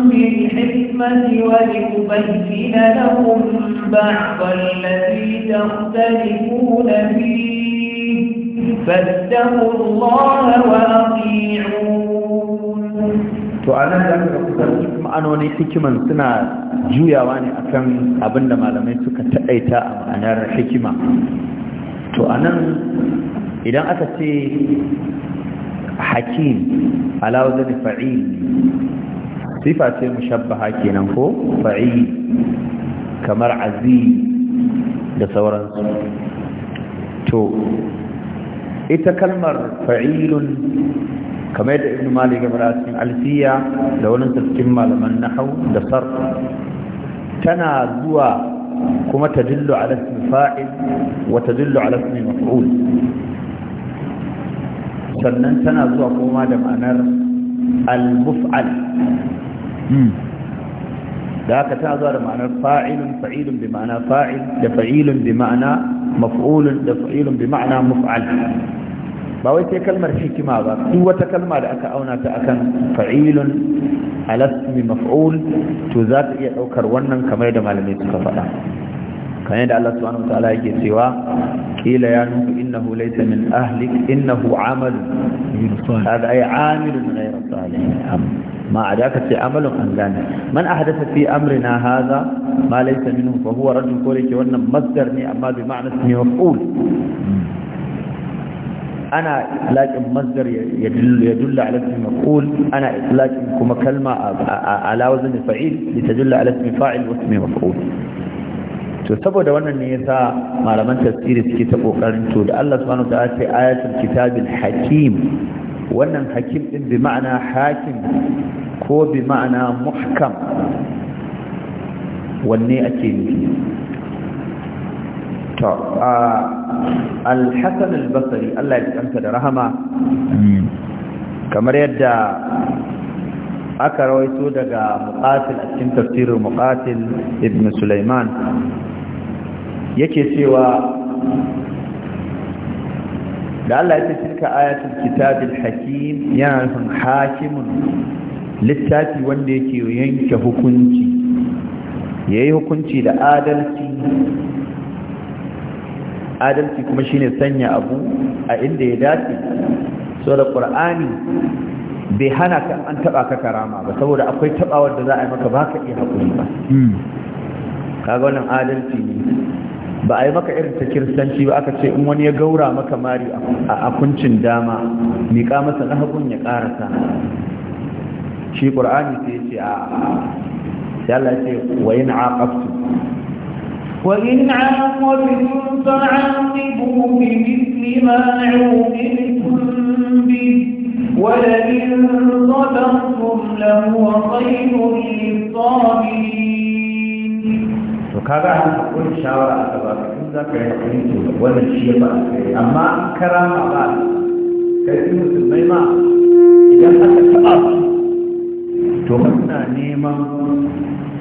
بالحكمة ولأبين لكم بعض الذي تختلفون فيه فاتقوا الله وأطيعون to a nan da aka kusan ma'anoni hikiman suna juyawa ne akan abin da malamai suka taɗaita a ma'anar hikima to a nan idan aka ce hakim alawar da fa'il sifa ce mushabbaha kenan ko fa'il kamar aziz da sauransu to ita kalmar fa'ilun kamar da ibn malik ya fara cikin alfiya da wani cikin malaman nahau da sarf tana zuwa kuma tadullu ala ismi fa'il wa tadullu ala ismi maf'ul sannan tana zuwa kuma da ma'anar al-muf'al da haka tana zuwa da ma'anar fa'ilun fa'ilun bi ma'ana fa'il da fa'ilun bi ma'ana maf'ulun da fa'ilun bi ma'ana muf'al ba wai sai kalmar hikima ba duk wata kalma da aka auna ta akan fa'ilun alasmi maf'ul to za ta iya daukar wannan kamar da malamai suka faɗa kan yadda Allah subhanahu wataala yake cewa qila ya nuhu innahu laysa min ahlik innahu amal hada ay amilun ghayra salih ma adaka ce Amalu an gane man ahdatha fi amrina hadha ma laysa minhu fa huwa rajul ko yake wannan masdar ne amma bi ma'na ismi maf'ul ana itlaqin masdar ya dulla ala ismi maf'ul ana itlaqin kuma kalma a wazn fa'il litadulla ala ismi fa'il wa ismi maf'ul to saboda wannan ne yasa malaman tafsiri suke ta kokarin to da Allah subhanahu wataala ce ayatul kitabil hakim wannan hakim din bi ma'ana hakim ko bi ma'ana muhkam wanne ake nufi to al-hasan al-basri Allah ya tsanta da rahama kamar yadda aka rawaito daga muqatil a cikin tafsirin muqatil ibn sulaiman yake cewa da Allah ya ce tilka ayatul kitabil hakim yana nufin hakimun littafi wanda yake yanke hukunci yayi hukunci da adalci adalci kuma shine sanya abu a inda ya dace so da qur'ani bai hana ka an taba ka karama ba saboda akwai tabawar da za a yi maka baka iya hakuri ba hmm. kaga wannan adalci ne ba a yi maka irin ta kiristanci ba aka ce in wani ya gaura maka mari a akuncin dama miƙa masa na hagun ya ƙarasa shi ƙur'ani sai ce a ya ce wa yin وإن عاقبتم فعاقبوا بمثل ما عوقبتم به ولئن صبرتم لهو خير للصابرين وكذا أقول شاورة أتبارك ذاك يحكمته ولا شيء بأسك أما كرامة بأسك كيف مسلمين ما إذا أتبارك to muna neman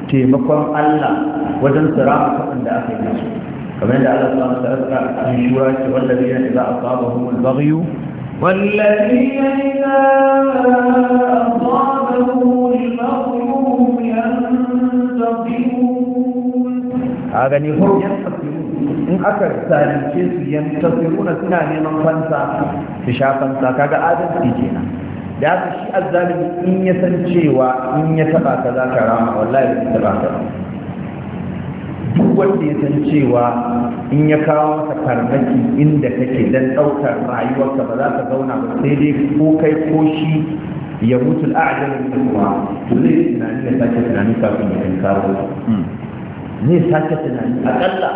taimakon Allah wajen sira waɗanda aka yi su kamar yadda Allah subhanahu wa ta'ala a cikin shura ce wallazina idza asabahum al-baghyu والذين إذا أصابهم البغي هم ينتصرون هذا نفر in aka zalunce su yan tasiruna suna neman fansa su sha fansa kaga adalci kenan da haka shi azzalimi in ya san cewa in ya taba ka za ka rama wallahi ba taba ka duk wanda ya san cewa in ya kawo ka farmaki inda kake dan daukar rayuwarka ba za ka zauna ba sai dai ko kai ko shi ya mutu al'ajalar da kuma to zai tunani ya sake tunani kafin ya kai kawo zai sake tunani akalla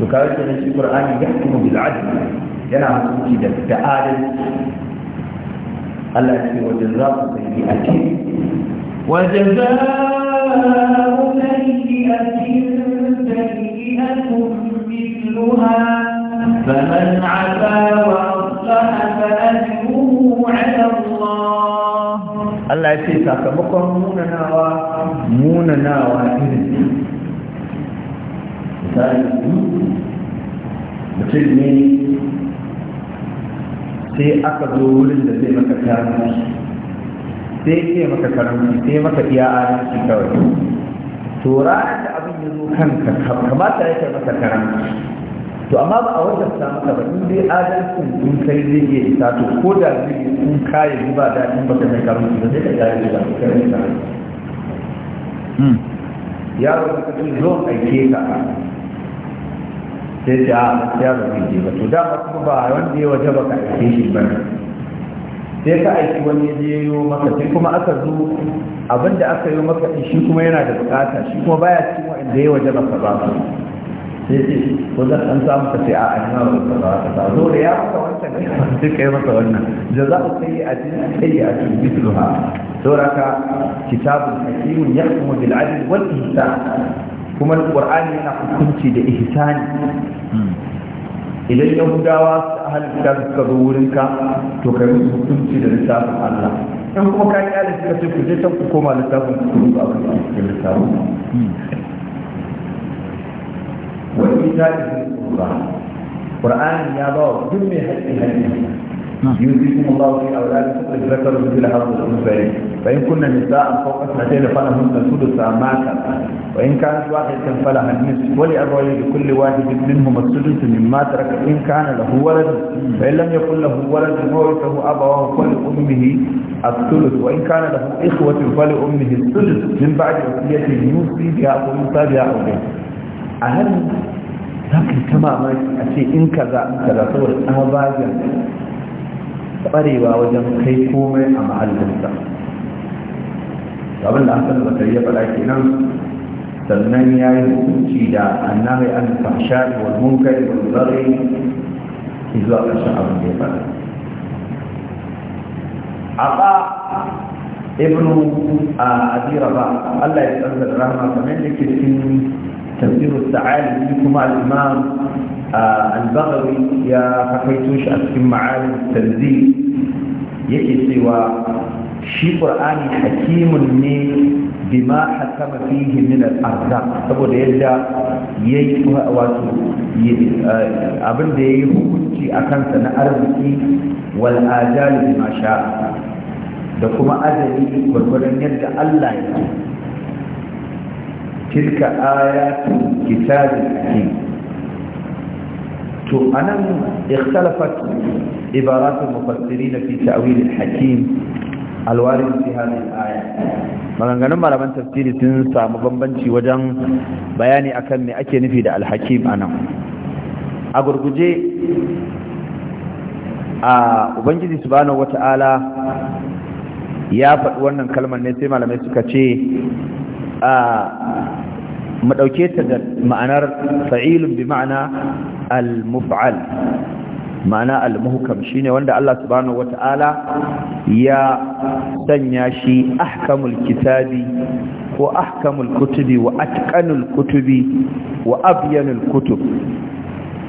to kawo kenan shi qur'ani ya kuma bil adl yana hukunci da da adalci Allah ya ce wajen wa jazaa'u sayyi'atin wa jazaa'u فمن عفا وأصلح فأجره على الله الله يتي سakamakon munanawa munanawa irin misali mutum ne sai aka zo wurin da zai maka tarihi sai ce maka karanci sai maka iya adalci kawai to ranar da abin ya zo kanka kamata ya maka karanci to amma ba a wajen samu ka ba in dai adalcin in kai zai iya isa to ko da zai sun kaya yi ba daɗin baka kai karanci ba sai ka kayan hmm. da ka yi ya yaro ka ce zo aike ka sai ce a yaro bai ba to dama kuma ba wanda ya waje ba ka aike shi ba ne sai ka aiki wani je yi maka sai kuma aka zo da aka yi maka din shi kuma yana da bukata shi kuma baya cikin wa'anda ya waje maka ba su sai ce ko zan an samu ka sai a an yawa maka ba ka zo da ya maka wancan *laughs* sai ka yi maka wannan Da za jaza'u sai a jini a sai a cikin bisluha sauraka kitabun hakimun yahkumu bil adl wal ihsan kuma alqur'ani yana hukunci da ihsani idan yahudawa a halitta suka zo wurinka to ka yi hukunci da littafin allah in kuma ka kyale suka ce ku je ku koma littafin ku rubu abin da suke littafin wani ta ce ba qur'ani ya ba wa duk mai haƙƙi haƙƙi نعم. يوصيكم الله في أولادكم الذكر مثل حظ الأنثيين فإن كنا نساء فوق اثنتين فلهن ثلث ما كان وإن كانت واحدة فلها النصف ولأبوي لكل واحد منهم السدس مما ترك إن كان له ولد فإن لم يكن له ولد فورثه أبواه فلأمه الثلث وإن كان له إخوة فلأمه الثلث من بعد وصية يوصي بها أو يوصى بها أو بها أهل لكن كما ما ta كذا كذا ce in kwarewa wajen kai komai a mahallinsa abin da aka hasan bakari ya faɗa kenan sannan ya yi hukunci da annabi an fasha wal munkari wal zari zuwa ƙarshen abin da ya faɗa a ba ibnu a adira ba Allah ya tsarda da rahama kamar da ke cikin تفسير الثعالب كما الإمام البغوي يا حكيتوش أسكن معالم التنزيل يكي سوى shi ƙur'ani hakimun ne bima saboda yadda yayi yayi hukunci a kansa na arziki wal ajali da kuma yadda Allah ya tilka ayatu kitabil hakim to anan ikhtalafat ibarat mufassirin fi ta'wil al-hakim alwarin fi hadhihi al-aya maganganun malaman tafsiri sun samu bambanci wajen bayani akan me ake nufi da al-hakim anan a gurguje a ubangiji subhanahu wata'ala ya faɗi wannan kalmar ne sai malamai suka ce a mu ta da ma'anar fa'ilun bi ma'ana al-muf'al ma'ana al-muhkam shine wanda Allah subhanahu wata'ala ya sanya shi ahkamul kitabi ko ahkamul kutubi wa atqanul kutubi wa abyanul kutub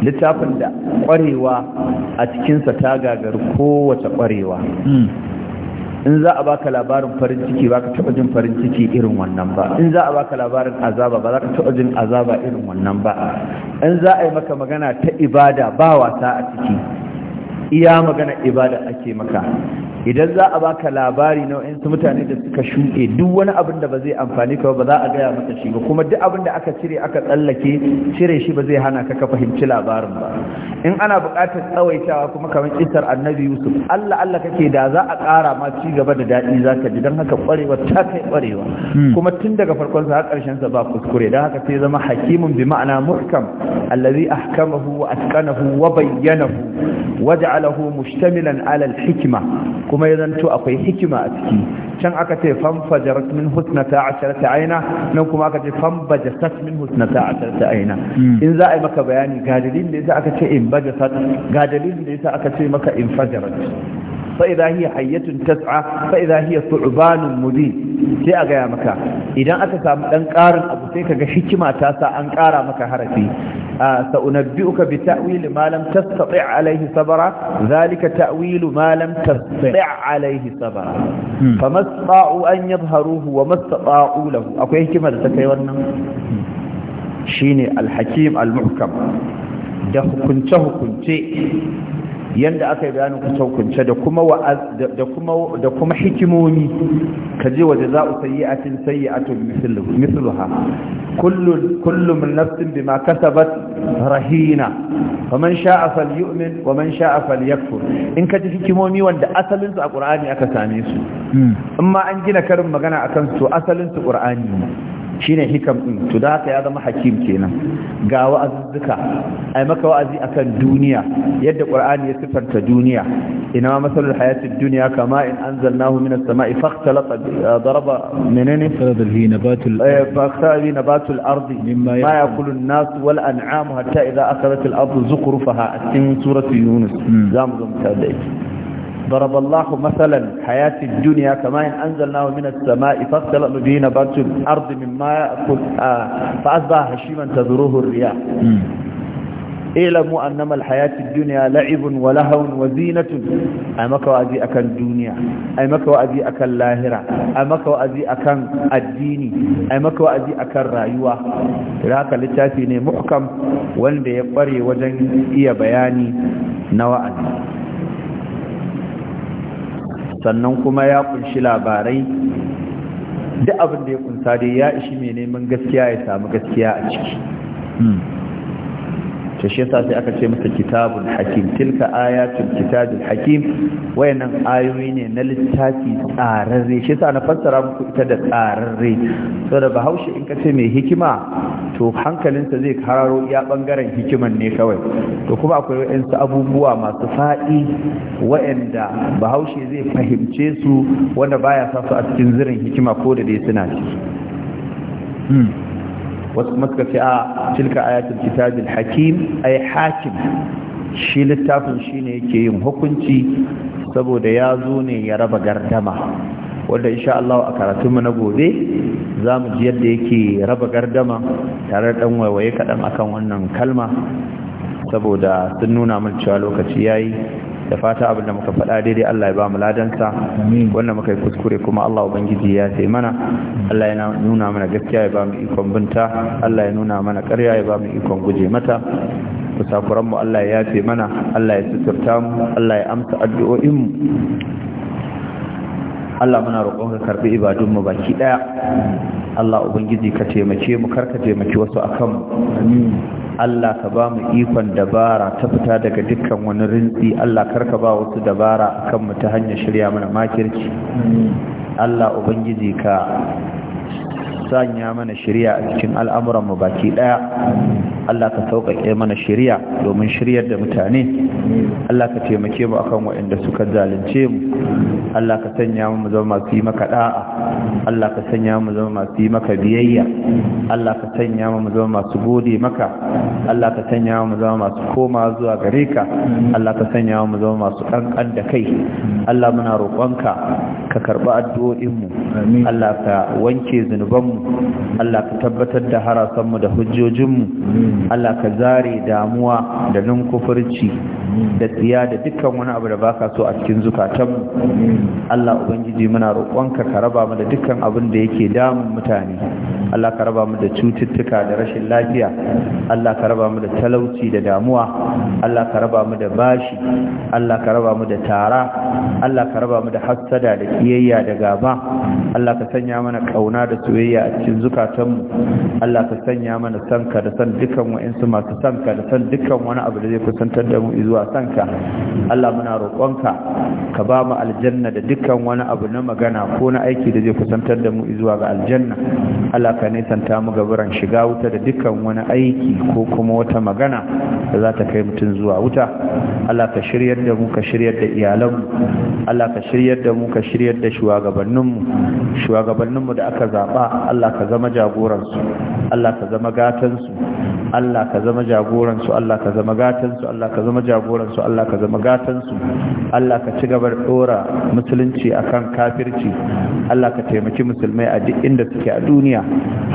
littafin da kwarewa a cikinsa ta gagari kowace kwarewa hmm. in za a baka labarin farin ciki ba ka taɓa jin farin ciki irin wannan ba in za a baka labarin azaba ba za ka taɓa jin azaba irin wannan ba in za a yi maka magana ta ibada ba wasa a ciki iya magana ibada ake maka idan za a baka labari na wa'insu mutane da suka shuke duk wani abin da ba zai amfani ka ba za a gaya maka shi ba kuma duk abin da aka cire aka tsallake cire shi ba zai hana ka ka fahimci labarin ba in ana buƙatar tsawaitawa kuma kamar isar annabi yusuf allah allah kake da za a ƙara ma ci gaba da daɗi za ka ji don haka ƙwarewa ta kai ƙwarewa hmm. kuma tun daga farkon sa har ƙarshen sa ba kuskure don haka sai zama hakimun bi ma'ana muhkam allazi ahkamahu wa atqanahu wa bayyanahu waja'ala ja'alahu mushtamilan ala al-hikma kuma ya zanto akwai hikima a ciki can aka ce fam fajarat min husnata asharata aina nan kuma aka ce fam fanbajasat min husnata asharata aina hmm. in za a yi maka bayani ga dalilin da yasa aka ce in bajasat ga dalilin da yasa aka ce maka in fajarat فإذا هي حية تسعى فإذا هي ثعبان mudin sai a gaya maka idan aka samu ɗan karin abu sai kaga hikima ta sa an kara maka harafi sa unabbi'uka bi ta'wil ma lam tastati' alayhi sabra zalika ta'wil ma lam tastati' alayhi sabra famasta'u an haruhu wa mastata'u lahu akwai hikima da ta kai wannan shine al-hakim da hukunce hukunce yanda aka yi bayanin kuce-kuce da kuma da kuma hikimomi ka je waje za a sayi a cin sayi a tun misluha kullum nafsin bi ma kasabat rahina wa man sha'a fal wa man sha'a fal yakfur in ka ji hikimomi wanda asalin su a ƙur'ani aka same su amma hmm. an gina karin magana akan su asalin su qur'ani shine hikam din to da haka ya zama hakim kenan ga wa'azuzzuka ai maka wa'azi akan duniya yadda qur'ani ya sifanta duniya ina ma masalul hayatid dunya kama in anzalnahu minas sama'i fakhtalata daraba minani menene fadhihi nabatul fakhtalata nabatul ardi mimma yaqulu an-nas wal an'am hatta idha akhadhat al-ardu zukhrufaha in surati yunus zamzam tadai ضرب الله مثلا حياة الدنيا كما إن أنزلناه من السماء فاختلط به نبات الأرض مما يأكل آه فأصبح هشيما تذروه الرياح اعلموا أنما الحياة الدنيا لعب ولهو وزينة أمك وأذي أكن دنيا أمك وأذي أكن لاهرة أمك وأذي أكن الديني أمك وأذي أكن رايوة لذلك لتاتيني محكم وان بيقري وجن إيا بياني نوعا sannan kuma ya kunshi labarai duk abin da ya kunsa dai ya ishi mai neman gaskiya ya samu gaskiya a ciki hmm. to shi yasa sai aka ce masa kitabul hakim tilka ayatul kitabul hakim wayannan ayoyi ne na littafi tsararre shi yasa na fassara muku ita da tsararre saboda bahaushe in ka ce mai hikima to hankalinsa zai kararo iya bangaren hikiman ne kawai to kuma akwai wayansu abubuwa masu fadi wayanda bahaushe zai fahimce su wanda baya sa su a cikin zirin hikima ko da dai suna ci wasu kuma suka ce a tilka ayatul kitabil hakim ay hakim shi littafin shi ne yake yin hukunci saboda ya zo ne ya raba gardama wanda insha Allah a karatunmu na gobe za mu ji yadda yake raba gardama tare da ɗan waiwaye kaɗan akan wannan kalma saboda sun nuna mun cewa lokaci yayi da fata abin da muka faɗa daidai Allah ya ba mu ladansa wanda muka yi kuskure kuma Allah ubangiji ya sai mana Allah ya nuna mana gaskiya ya ba mu ikon binta Allah ya nuna mana ƙarya ya ba mu ikon guje mata kusakuran mu Allah ya yafe mana Allah ya suturta mu Allah ya amsa addu'o'in mu Allah muna roƙon ka karbi ibadun mu baki ɗaya. Allah ubangiji ka taimake mu karka taimake wasu akan mu Allah ka ba mu ikon dabara ta fita daga dukkan wani rintsi Allah karka ba wasu dabara akan mu ta hanyar shirya mana makirci Allah ubangiji ka sanya mana shirya a cikin al'amuranmu baki ɗaya Allah ka sauƙaƙe mana shirya domin shiryar da mutane Allah ka taimake mu akan waɗanda suka zalunce mu Allah ka sanya mu zama masu yi maka ɗa'a Allah ka sanya mu zama masu yi maka biyayya Allah ka sanya mu zama masu gode maka Allah ka sanya mu zama masu koma zuwa gare ka Allah ka sanya mu zama masu ƙanƙan da kai Allah muna roƙonka ka karɓi addu'o'inmu Allah ka wanke zunubanmu Allah ka tabbatar da harasanmu da hujjojinmu Allah ka zare damuwa da ninkufurci da tsiya da dukkan wani abu da baka so a cikin zukatanmu Allah ubangiji muna roƙonka ka raba mu da dukkan abin da yake damun mutane Allah ka raba mu da cututtuka da rashin lafiya Allah ka raba mu da talauci da damuwa Allah ka raba mu da bashi Allah ka raba mu da tara Allah ka raba mu da hassada da kiyayya da gaba Allah ka sanya mana kauna da soyayya a cikin zukatanmu Allah ka sanya mana sanka da san dukan wa'insu masu sanka da san dukan wani abu da zai kusantar da mu zuwa sanka Allah muna roƙonka ka ba mu aljanna da dukan wani abu na magana ko na aiki da zai kusantar da mu zuwa ga aljanna Allah ka nisanta mu gaburan shiga wuta da dukan wani aiki ko kuma wata magana da za ta kai mutum zuwa wuta Allah ka shiryar da mu ka shiryar da iyalanmu Allah ka shiryar da mu ka shiryar da shugabanninmu shugabanninmu da aka zaɓa Allah ka zama jagoransu Allah ka zama gatansu Allah ka zama jagoransu Allah ka zama gatansu Allah ka zama jagoransu Allah ka zama gatansu Allah ka ci gaba da dora musulunci akan kafirci Allah ka taimaki musulmai a duk inda suke a duniya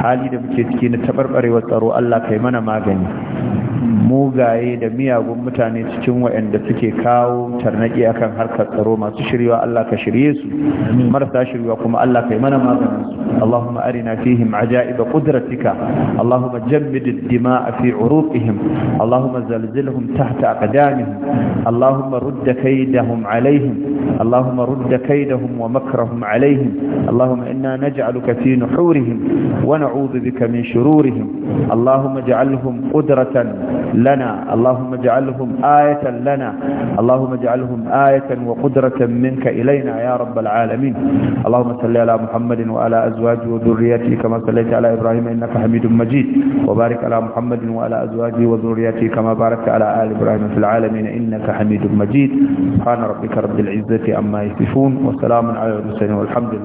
hali da muke ciki na tabarbarewar tsaro Allah ka yi mana magani mugaye da miyagun mutane cikin waɗanda suke kawo tarnaki akan harkar tsaro masu shiryawa Allah ka shirye su marasa shiryawa kuma Allah ka mana maganin su Allahumma arina fihim ajaiba qudratika Allahumma jammid ad-dima'a fi 'uruqihim Allahumma zalzilhum tahta aqdamihim Allahumma rudd kaydahum 'alayhim Allahumma rudd kaydahum wa ina 'alayhim Allahumma inna naj'aluka fi nuhurihim wa na'udhu bika min shururihim Allahumma ij'alhum qudratan لنا اللهم اجعلهم آية لنا اللهم اجعلهم آية وقدرة منك إلينا يا رب العالمين اللهم صل على محمد وعلى أزواجه وذريته كما صليت على إبراهيم إنك حميد مجيد وبارك على محمد وعلى أزواجه وذريته كما باركت على آل إبراهيم في العالمين إنك حميد مجيد سبحان ربك رب العزة عما يصفون وسلام على المرسلين والحمد لله